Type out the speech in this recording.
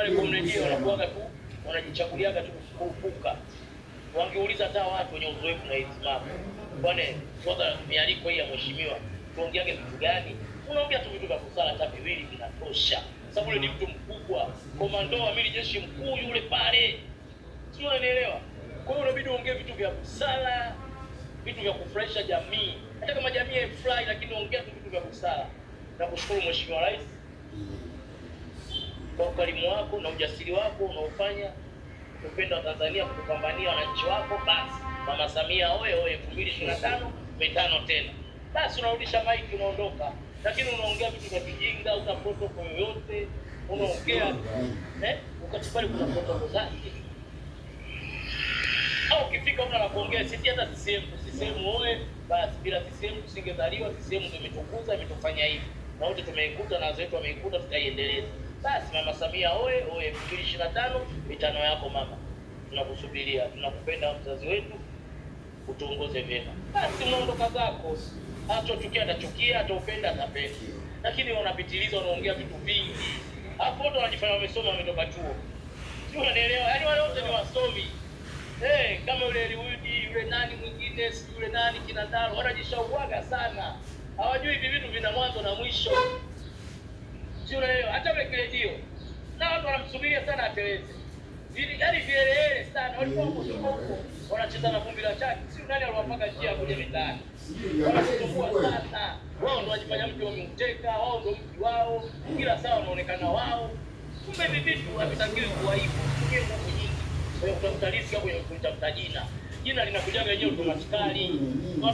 wale komrejeo wanakuaga tu wanajichaguliaga tu kufuka. Wangeuliza hata watu wenye uzoefu na Islamu, kwani swala mialiko hii ya mheshimiwa tuongeage vitu gani? Unaongea tu vitu vya kusala, hata viwili vinatosha, sababu yule ni mtu mkubwa, komando wa amiri jeshi mkuu yule pale, sio unaelewa? Kwa hiyo unabidi uongee vitu vya kusala, vitu vya kufurahisha jamii, hata kama jamii haifurahi, lakini ongea tu vitu vya kusala. Nakushukuru Mheshimiwa Rais ukarimu wako na ujasiri wako unaofanya upendo wa Tanzania kukupambania wananchi wako. Basi Mama Samia oye oye, elfu mbili ishirini na tano mitano tena. Basi unarudisha maiki, unaondoka, lakini unaongea vitu vya kijinga, una protoko yoyote unaongea eh, ukachukua kuna protoko zake au ukifika una nakuongea sisi hata CCM CCM oye. Basi bila CCM tusingezaliwa. CCM ndio imetukuza imetufanya hivi, na wote tumeikuta na wazetu wameikuta, tutaiendeleza. Basi mama Samia oe oe, elfu mbili ishirini na tano mitano yako mama, tunakusubiria, tunakupenda mzazi wetu, utuongoze vyema. Basi unaondoka zako, atachukia atachukia, ataupenda atapenda, lakini wanapitiliza, wanaongea vitu vingi, hapo watu wanajifanya wamesoma, wametoka chuo, si Unanielewa? Yaani wale wote ni wasomi hey, eh, kama yule Eliudi yule nani mwingine si yule nani kinandalo, wanajishauaga sana, hawajui hivi vitu vina mwanzo na mwisho, si sio? hata weka redio na watu wanamsubiria sana ateleze, ili yaani vielele sana walikuwa huko huko wanacheza na vumbi la chaki, si nani aliwapaka njia kuja mitaani, wanasumbua sana wao, ndio wajifanya mtu wamemteka wao, ndio mtu wao, kila saa wanaonekana wao. Kumbe hivi vitu havitakiwi kuwa hivyo, kutumia Mungu nyingi. Kwa hiyo kuna utalii kwenye kuitafuta jina, jina linakujaga wenyewe automatikali. Mm, mm, mm.